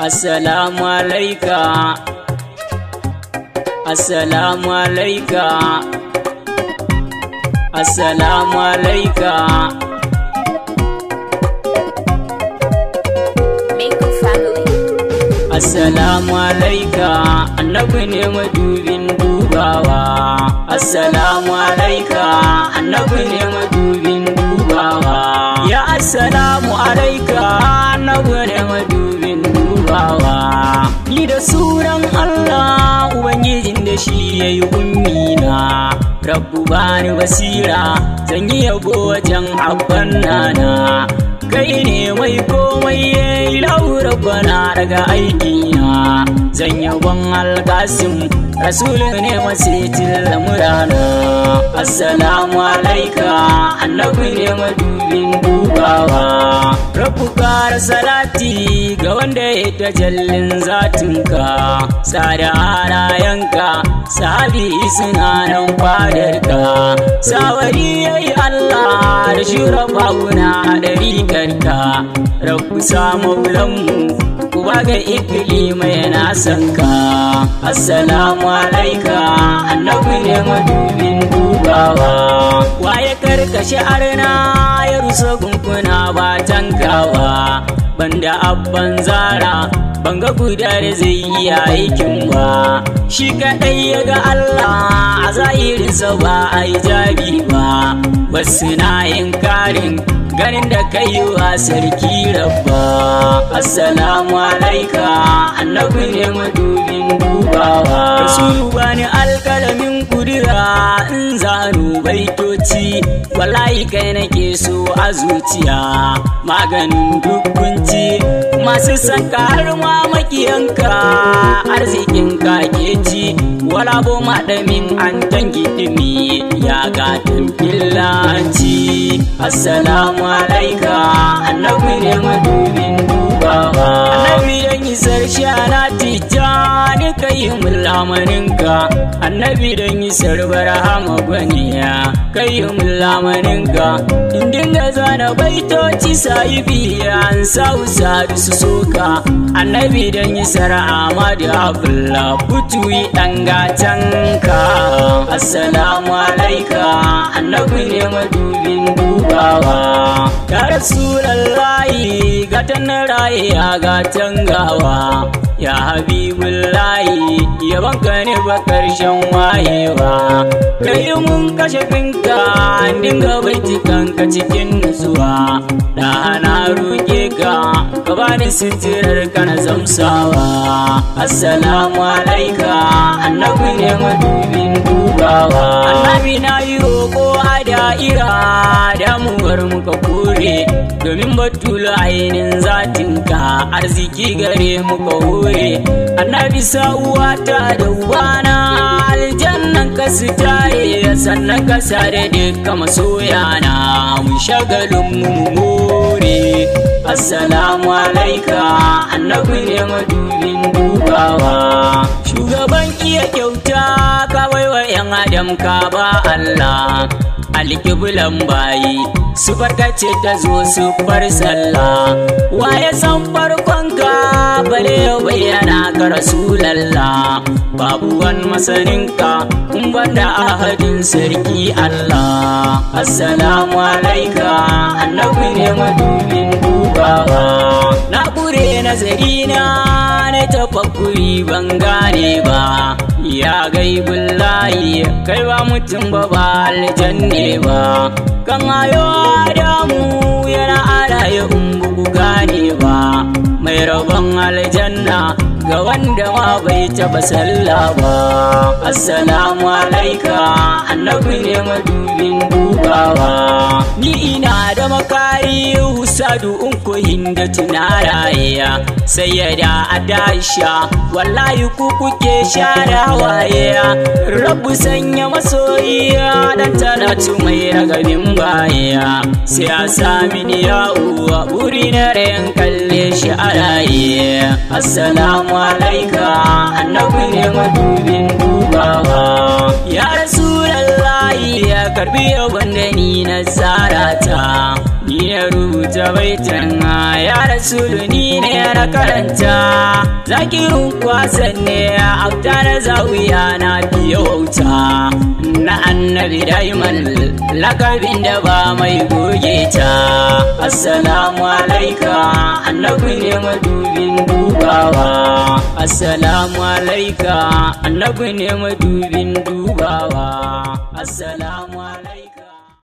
Assalamu alaika Assalamu alaika Assalamu alaika Assalamu alaika annabi ne madubin dubawa Assalamu alaika annabi ne madubin dubawa Ya assalamu alaika annabi suran Allah Ubangijin da shi ya yi ummina Rabbu bani basira zan yi yabo wajen abban nana Kai ne mai komai ya yi bana daga aikina Zan yabon alkasim rasulu ne masitin lamurana Assalamu alaika annabi ne madubin dubawa Rabbu kara salati da wanda ya jallin zatinka tsada halayenka sabi suna nan fadarka sawari ya yi allah da shi raba guna ɗari karka rabu samu mu ku ba ga ikili mai nasanka assalamu alaika annabi ne madubin duniya gawa waye karkashi arna ya rusa gunkuna ba gawa banda abban zara banga gudar zai yi aikin ba shi kaɗai ya ga Allah a zahirinsa ba a yi jabi ba wasu na yin karin ganin da kai wa sarki rabba assalamu alaika annabi ne madubin dubawa rasulu bani alkalami zan in zanu baitoci wallahi kai nake so a zuciya maganin dukunci masu san ka har ma makiyanka arzikin ka ke ci wala bo madamin an tangi dimi ya gatan fillaci assalamu alaika annabi ne madubin bawa annabi dan yi sarki ana tijjani kai mul amarinka annabi dan yi sarbar hama gwaniya kai mul amarinka in dinga zana baitoci sayi biya an sau da su soka annabi dan yi sara amadu abdullah butuwi dan gatanka assalamu alaika annabi ne madubin dubawa rasulallahi gatan raye a gatan gawa ya habibullahi ya banka ne ba karshen wayewa kai mun kashe finka dinga baitikan ka cikin nutsuwa da na roƙe ka ka bani sitirar ka na zamsawa assalamu alaika annabi ne madubin dubawa annabi na a da'ira damuwar muka kore domin batulu ainihin ka arziki gare muka hure annabi sa'uwa ta da wana aljannan ka su tare sannan ka sare duka soyana mu shagalin mu more assalamu alaika annabi ne madubin dubawa shugaban iya kyauta kawai wa 'yan adam ka ba Allah alƙiblan bayi sufarka ce ta zo su far sallah wa ya san farkon ka bare bayyana ka rasulallah babu wani masanin ka in banda ahadin sarki Allah assalamu alaika annabi ne madubin dubawa na bure nazari na na tafakkuri ban gane ba ya gaibin layi kai ba mutum ba ba aljanne ba kan ayo adamu yana araye in bugu gane ba mai rabon aljanna ga wanda ma bai taba sallah ba assalamu alaika annabi ne madubin dubawa ni ina da makari husadu unku hinda ya sayyada adaisha wallahi ku kuke shara waye rabu sanya masoyiya dan tana mai ragamin baya sai a sami ni ya uwa buri na rayan kalle shi a raye assalamu alaika annabi ne madubin dubawa ya ya karbi yawan wanda ni na sarata ta ni ya rubuta baitan ya rasulu ni ne na karanta zaki kwasan ne a abta na zawiya na biyo wauta na annabi daiman lakabin da ba mai goge ta assalamu alaika annabi ne madubin dubawa assalamu alaika annabi ne madubin dubawa assalamu alaika